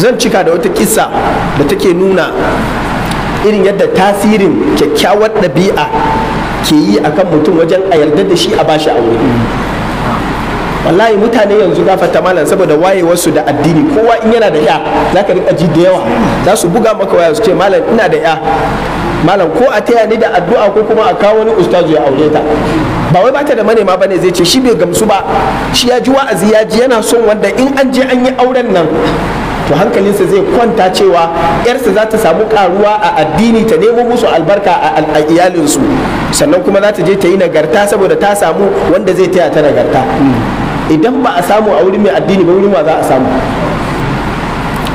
zan cika da wata kisa da take nuna irin yadda tasirin kyakkyawar ɗabi'a ke yi a kan mutum wajen a yarda da shi a bashi aure wallahi mutane yanzu gafata malam saboda wasu da addini kowa in yana da ya za ka rika ji da yawa za su buga maka waya su ce malam ina da ya malam ko a taya ni da addu'a ko kuma a kawo wani ustazu ya aure ta ba wai bata da manema ba ne zai ce shi bai gamsu ba shi ya ji wa'azi ya ji yana son wanda in an je an yi auren nan to hankalinsa zai kwanta cewa yarsa za ta samu karuwa a addini ta nemo musu albarka a iyalinsu sannan kuma za ta je ta yi nagarta saboda ta samu wanda zai taya ta nagarta idan ba a samu a wuri mai addini ba wuri ma za a samu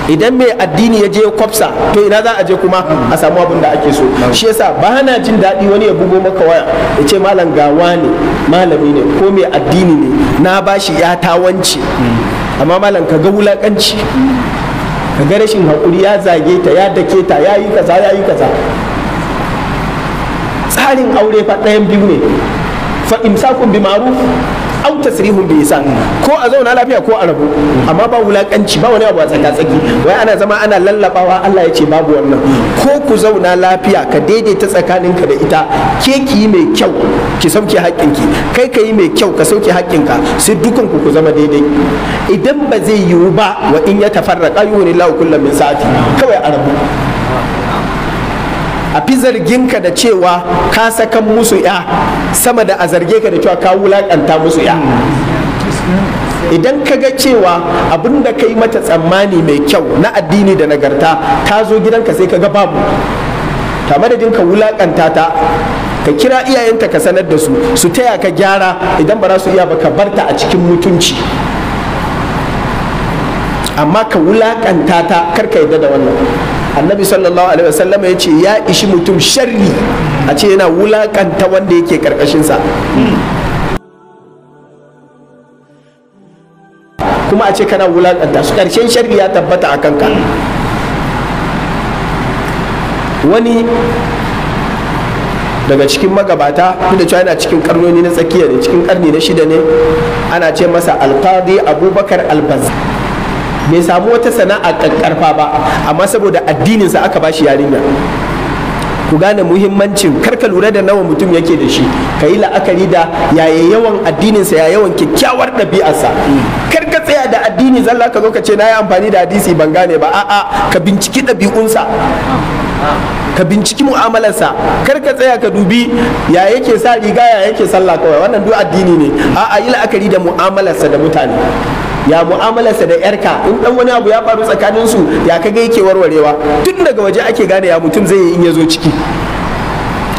idan mai addini ya je kwafsa to ina za a je kuma a samu abin da ake so shi yasa ba na jin daɗi wani ya bugo maka waya ya ce malam gawa ne malami ne ko mai addini ne na bashi ya tawanci hmm. amma malam ka ga wulakanci ka ga rashin haƙuri ya zage ta ya dake ta ya yi kaza ya yi kaza tsarin aure fa biyu ne fa imsakun bi ma'ruf au tasrihun bi isan ko a zauna lafiya ko a rabu amma ba wulakanci ba wani abu a tsaki. wai ana zama ana lallabawa Allah ya ce babu wannan ko ku zauna lafiya ka daidaita tsakaninka da ita ke ki yi mai kyau ki sauke haƙƙinki kai ka yi mai kyau ka sauke haƙƙinka sai dukan ku ku zama daidai idan ba zai yiwu ba wa in ya tafarraqa yuhunillahu kullu min sa'ati kawai a rabu a fi zarginka da cewa ka sakan musu ya sama da a zarge ka da cewa ka wulakanta musu ya idan ka ga cewa abin da ka yi mata tsammani mai kyau na addini da nagarta ta zo gidanka sai ka ga babu ta madadin ka wulakanta ta ka kira iyayenta ka sanar da su su taya ka gyara idan ba za su iya ba ka barta a cikin mutunci amma ka wulakanta ta karka yadda da wannan annabi sallallahu alaihi wasallam ya ce ya ishi mutum sharri a ce yana wulakanta wanda yake karkashinsa kuma a ce kana wulakanta su karshen sharri ya tabbata a kanka wani daga cikin magabata da cewa yana cikin karnoni na tsakiya ne cikin karni na shida ne ana ce masa alkadi abubakar albazar bai samu wata sana'a ƙarfa ba amma saboda addininsa aka bashi yarinya ku gane muhimmancin karka lura da nawa mutum yake da shi ka yi la'akari da yaya yawan addininsa ya yawan kyakkyawar ɗabi'arsa kar ka tsaya da addini zalla ka zo ka ce na yi amfani da hadisi ban gane ba a'a ka binciki ɗabi'unsa ka binciki mu'amalarsa kar ka tsaya ka dubi ya yake sa riga ya yake sallah kawai wannan duk addini ne a'a yi la'akari da mu'amalarsa da mutane ya mu'amalarsa da yarka in dan wani abu ya faru tsakanin su ya kaga yake warwarewa tun daga waje ake gane ya mutum zai yi in yazo ciki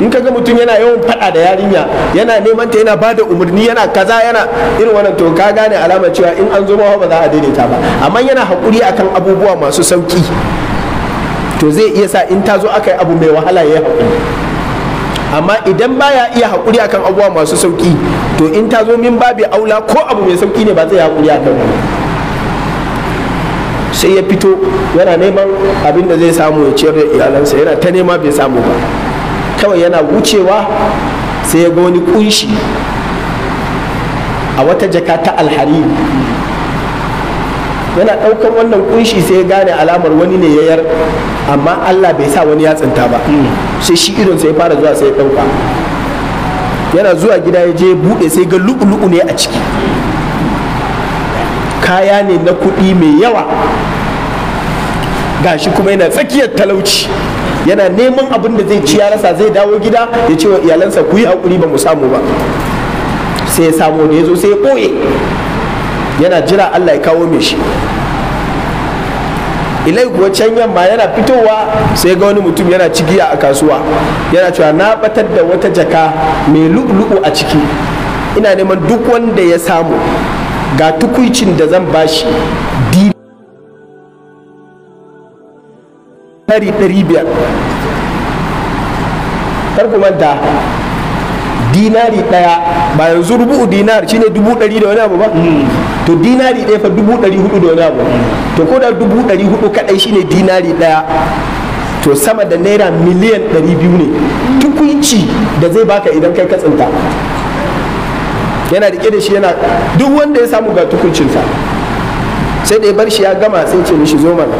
in ga mutum yana yawan fada da yarinya yana neman ta yana bada umarni yana kaza yana irin wannan to ka gane alama cewa in an zo ma ba za a daidaita ba amma yana hakuri akan abubuwa masu sauki to zai iya sa in ta zo aka abu mai wahala ya hakuri amma idan baya iya haƙuri akan abubuwa masu sauƙi to in ta zo min babi aula ko abu mai sauƙi ne ba zai haƙuri akan sai ya fito yana neman abin da zai samu ya ciyar da iyalansa yana ta nema bai samu ba kawai yana wucewa sai ya ga wani kunshi a wata jaka ta alhari yana ɗaukar wannan kunshi sai ya gane alamar wani ne yar, amma Allah bai sa wani ya tsinta ba hmm. sai shi idon sai fara zuwa sai ya ɗauka yana zuwa gida ya je buɗe sai ga lu'u-lu'u ne a ciki kaya ne na kuɗi mai yawa gashi kuma yana tsakiyar talauci yana neman abin da zai ci ya rasa zai dawo gida ya ce wa iyalansa ku yi haƙuri ba mu samu ba sai ya samu da ya zo sai ya ɓoye yana jira Allah ya kawo mai shi ilai kuwa can yamma yana fitowa sai ga wani mutum yana cigiya a kasuwa yana cewa na batar da wata jaka mai lu'lu'u a ciki ina neman duk wanda ya samu ga tukuicin da zan bashi ɗari biyar, kar ku manta dinari ɗaya ba yanzu rubu'u dinar shine dubu ɗari da wani abu ba hmm. to dinari ɗaya fa dubu ɗari hudu da wani abu hmm. to ko da dubu ɗari hudu kadai shine dinari daya to sama da naira miliyan ɗari biyu ne tukunci da zai baka idan kai katsinta yana rike da shi yana duk wanda ya samu ga tukuncinsa sai da ya bar shi ya gama sai ce mishi zo mana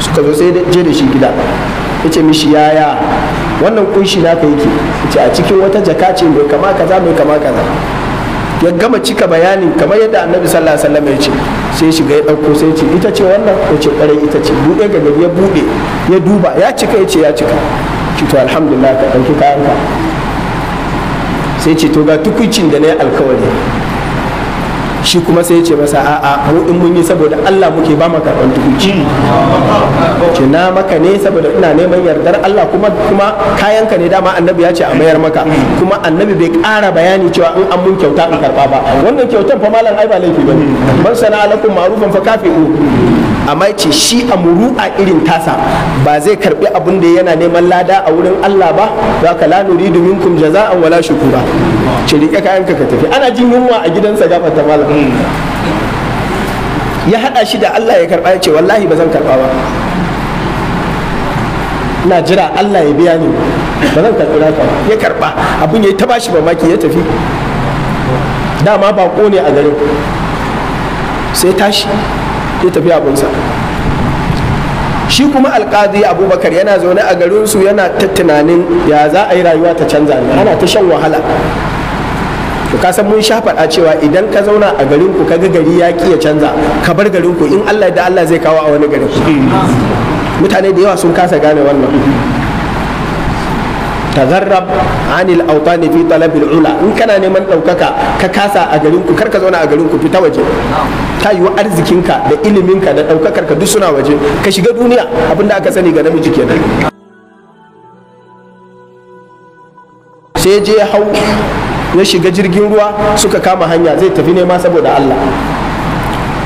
suka zo sai je da shi gida ya ce mishi yaya wannan kunshi naka yake ce a cikin wata jaka ce mai kama kaza mai kama kaza ya gama cika bayanin kamar yadda annabi sallallahu alaihi wasallam ya ce sai shiga ya dauko sai ce ita ce wannan ko ce ƙarai ita ce bude ga gari ya bude ya duba ya cika ya ce ya cika ce to alhamdulillah ka dauki kayanka sai ce to ga tukuncin da na yi alkawari shi kuma sai ya ce masa a'a mu in mun yi saboda Allah muke ba mu karɓar tukunci. ce na maka ne saboda ina neman yardar Allah kuma kuma kayanka ne dama annabi ya ce a mayar maka kuma annabi bai ƙara bayani cewa in an mun kyauta in karba ba wannan kyautan fa malam ai ba laifi bane man sana'a alakum ma'rufan fa kafi'u amma ce shi a muru'a irin tasa ba zai karbi abin da yana neman lada a wurin Allah ba za ka la nuridu minkum jaza'an wala shukura ce rike kayanka ka tafi ana jin yunwa a gidansa gafa ta malam ya hada shi da Allah ya karba ya ce wallahi ba zan karba ba ina jira Allah ya biya ni ba zan karɓi naka ya karɓa abin ya yi ta bashi mamaki ya tafi dama ba ne a garin sai tashi ya tafi abinsa shi kuma alƙadi abubakar yana zaune a garinsu yana ta tunanin ya za a yi rayuwa ta canza ne ana ta shan wahala to ka san mun sha faɗa cewa idan ka zauna a garinku ka ga gari ya ya canza ka bar garinku in Allah da Allah zai kawo a wani garin mutane da yawa sun kasa gane wannan tazarrab anil autani fi talabil ula in kana neman ɗaukaka ka kasa a garin ku karka zauna a garin ku fita waje ta yiwu arzikinka da iliminka da ɗaukakar ka duk suna waje ka shiga duniya abinda aka sani ga namiji kenan sai je hau ya shiga jirgin ruwa suka kama hanya zai tafi nema saboda Allah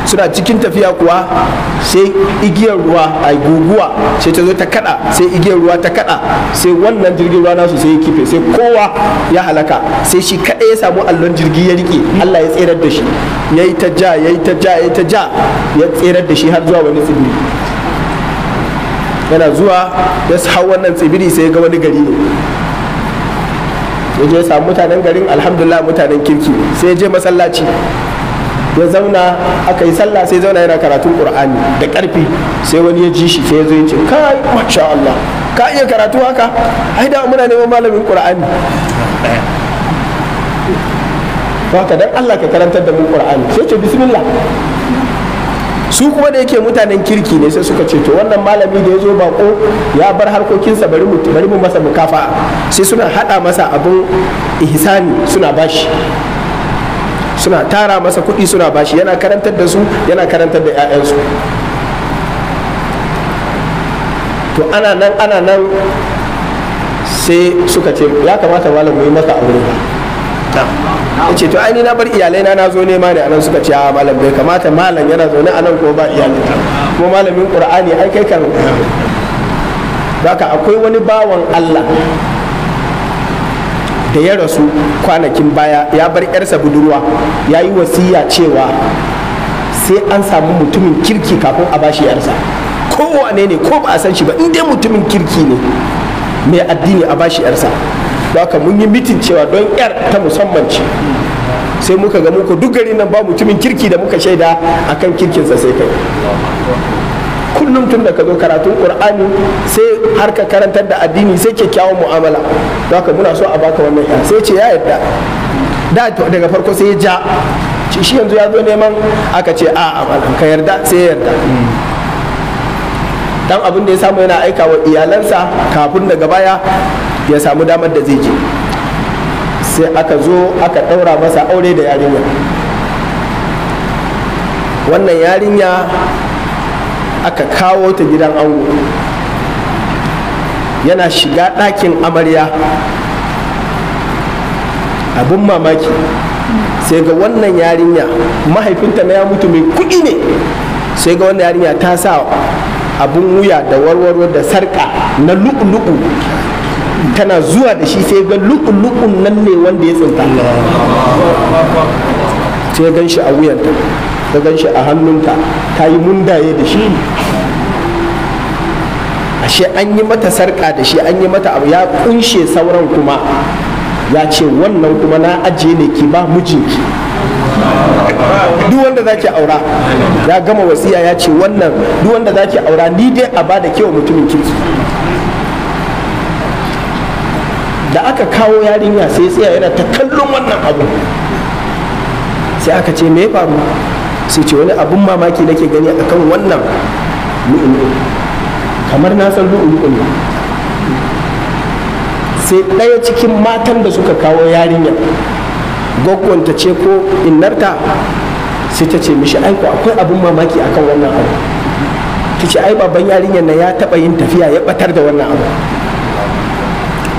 suna cikin tafiya kuwa sai igiyar ruwa a guguwa sai ta zo ta kada sai igiyar ruwa ta kada sai wannan jirgin ruwa nasu sai ya kife sai kowa ya halaka sai shi kadai ya samu allon jirgi ya rike Allah ya tserar da shi ya yi ta ja ya yi ta ja ya yi ta ja ya tserar da shi har zuwa wani tsibiri yana zuwa ya hau wannan tsibiri sai ga wani gari ne ya je ya samu mutanen garin alhamdulillah mutanen kirki sai ya je masallaci ya zauna aka yi sallah sai zauna yana karatun qur'ani da karfi sai wani ya ji shi sai ya zo ya ce kai masha Allah ka iya karatu haka ai da muna neman malamin qur'ani ka dan Allah ka karantar da mu qur'ani sai ce bismillah su kuma da yake mutanen kirki ne sai suka ce to wannan malami da ya zo bako ya bar harkokinsa bari mu bari mu masa mukafa sai suna hada masa abun ihsani suna bashi suna tara masa kuɗi suna bashi yana karantar da su yana karantar da 'ya'yansu to ana nan ana nan sai suka ce ya kamata malam mu yi maka aure ba ce to ai ni na bar iyalai na zo nema ne anan suka ce a malam bai kamata malam yana zaune anan ko ba iyalai kuma malamin qur'ani ai kai kan baka akwai wani bawan Allah da ya rasu kwanakin baya ya bar yarsa budurwa ya yi wasiya cewa sai an samu mutumin kirki kafin a bashi yarsa kowane ne ko ba a san shi ba in dai mutumin kirki ne mai addini a bashi yarsa haka mun yi mitin cewa don yar ta musamman ce sai muka ga muku duk gari nan ba mutumin kirki da muka shaida akan kirkinsa sai kai kullum tun da ka zo karatun qur'ani sai har ka karantar da addini sai kyakkyawan mu'amala don haka muna so a baka wannan ya sai ce ya yadda da daga farko sai ya ja shi yanzu ya zo neman aka ce a ka yarda sai ya yarda dan abin da ya samu yana aika wa iyalansa kafin daga baya ya samu damar da zai je sai aka zo aka ɗaura masa aure da yarinya wannan yarinya aka kawo ta gidan ango yana shiga ɗakin amarya abin mamaki sai ga wannan yarinya mahaifinta na ya mutu mai kuɗi ne sai ga wannan yarinya ta sa abin wuya da warwaro da sarƙa na luu tana zuwa da shi sai ga luu nan ne wanda ya tsinta sai gan shi a wuyanta ka gan shi a hannunka ta yi mundaye da shi ashe an yi mata sarƙa da shi an yi mata abu ya kunshe sauran kuma ya ce wannan kuma na ajiye ne ki ba mijinki duk wanda zaki aura ya gama wasiya ya ce wannan duk wanda zaki aura ni dai a ba da kewa mutumin kirki da aka kawo yarinya sai tsaya yana ta kallon wannan abu sai aka ce me faru sai ce wani abun mamaki nake gani akan wannan lu'ulu'u kamar na san lu'ulu'u ne sai ɗaya cikin matan da suka kawo yarinya gwaggwanta ce ko innarta sai ta ce mishi aiko akwai abun mamaki akan wannan abu ta ce ai babban yarinyar na ya taɓa yin tafiya ya ɓatar da wannan abu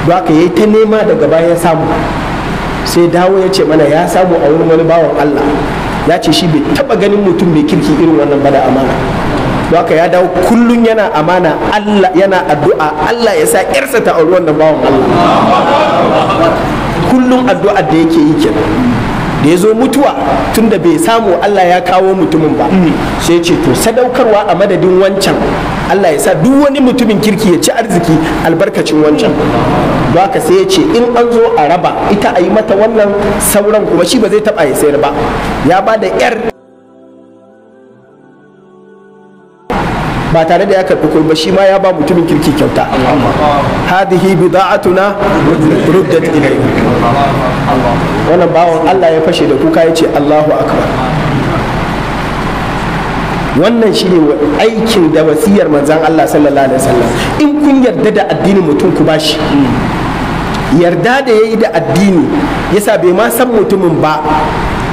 Ba ka yi ta nema daga baya samu sai dawo ya ce mana ya samu a wurin wani bawan Allah ya ce shi bai taba ganin mutum mai kirki irin wannan ba da amana haka ya dawo kullum yana amana Allah yana addu'a Allah ya sa yarsa ta auri wannan bawan Allah kullum addu'a da yake yi kenan da ya zo mutuwa tunda bai samu Allah ya kawo mutumin ba mm. sai ce to sadaukarwa a madadin wancan Allah ya sa duk wani mutumin kirki ya ci arziki albarkacin wancan haka sai ya ce in an zo a raba ita a yi mata wannan sauran kuma shi ba zai taba ya sayar ba ya ba da yar ba tare da ya karbi kuɗi ba shi ma ya ba mutumin kirki kyauta hadihi bida'atuna ruddat ilayhi wannan bawon Allah ya fashe da kuka ya ce Allahu akbar wannan shi ne aikin da wasiyar manzan Allah sallallahu alaihi wasallam in kun yarda da addinin mutum ku ba shi yarda da ya yi da addini yasa bai ma san mutumin ba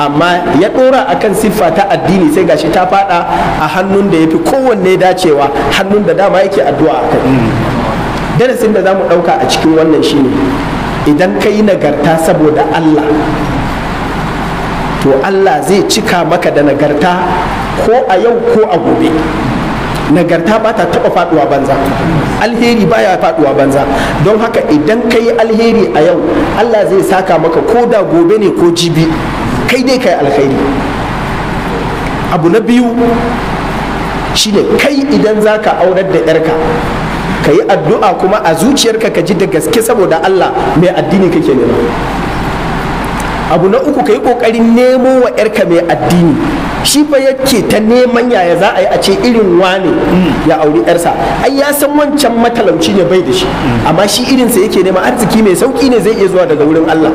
amma ya dora akan siffa ta addini sai gashi ta fada a hannun da ya fi kowanne dacewa hannun da dama yake addu'a a darasin da za mu ɗauka a cikin wannan shine idan ka yi nagarta saboda Allah to Allah zai cika maka da nagarta ko a yau ko a gobe nagarta ba ta taɓa faɗuwa banza alheri ba ya faɗuwa banza don haka idan ka yi alheri a yau Allah zai saka maka ko da gobe ne ko jibi kai dai kai alheri abu na biyu shine kai idan za ka aurar da 'yarka ka yi addu'a kuma a zuciyarka ka ji da gaske saboda Allah mai addini kake nema abu na uku ka yi ƙoƙarin nemo wa ‘yarka mai addini shi fa yake ta neman yaya za a yi a ce irin wane ya auri yarsa ai ya san wancan matalauci ne bai da shi amma shi irinsa yake nema arziki mai sauki ne zai iya zuwa daga wurin Allah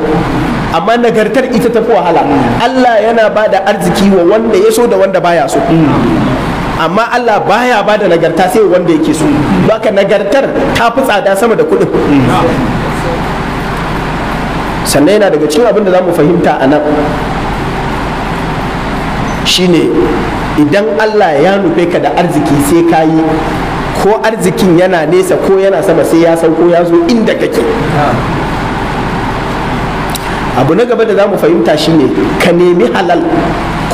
amma nagartar ita ta tafi wahala Allah yana ba da arziki wa wanda ya so da wanda baya so amma Allah baya ba da nagarta sai wanda yake so baka nagartar ta fi tsada sama da kuɗin sannan yana daga cikin abin da za mu fahimta a nan shine idan Allah ya nufe ka da arziki sai ka yi ko arzikin yana nesa ko yana sama sai ya sauko ya zo inda kake abu na gaba da za mu fahimta shine ka nemi halal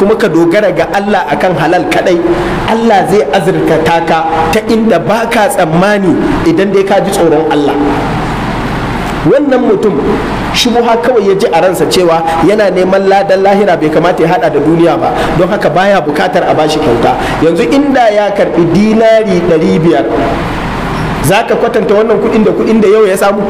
kuma ka dogara ga Allah akan halal kadai Allah zai azurkata ka ta inda ba ka tsammani idan dai ka ji tsoron Allah wannan mutum shubuha kawai ya ji a ransa cewa yana neman ladan lahira bai kamata ya hada da duniya ba don haka baya bukatar a bashi kyauta yanzu inda ya karbi dinari 500 za ka kwatanta wannan kudin da kudin da yau ya samu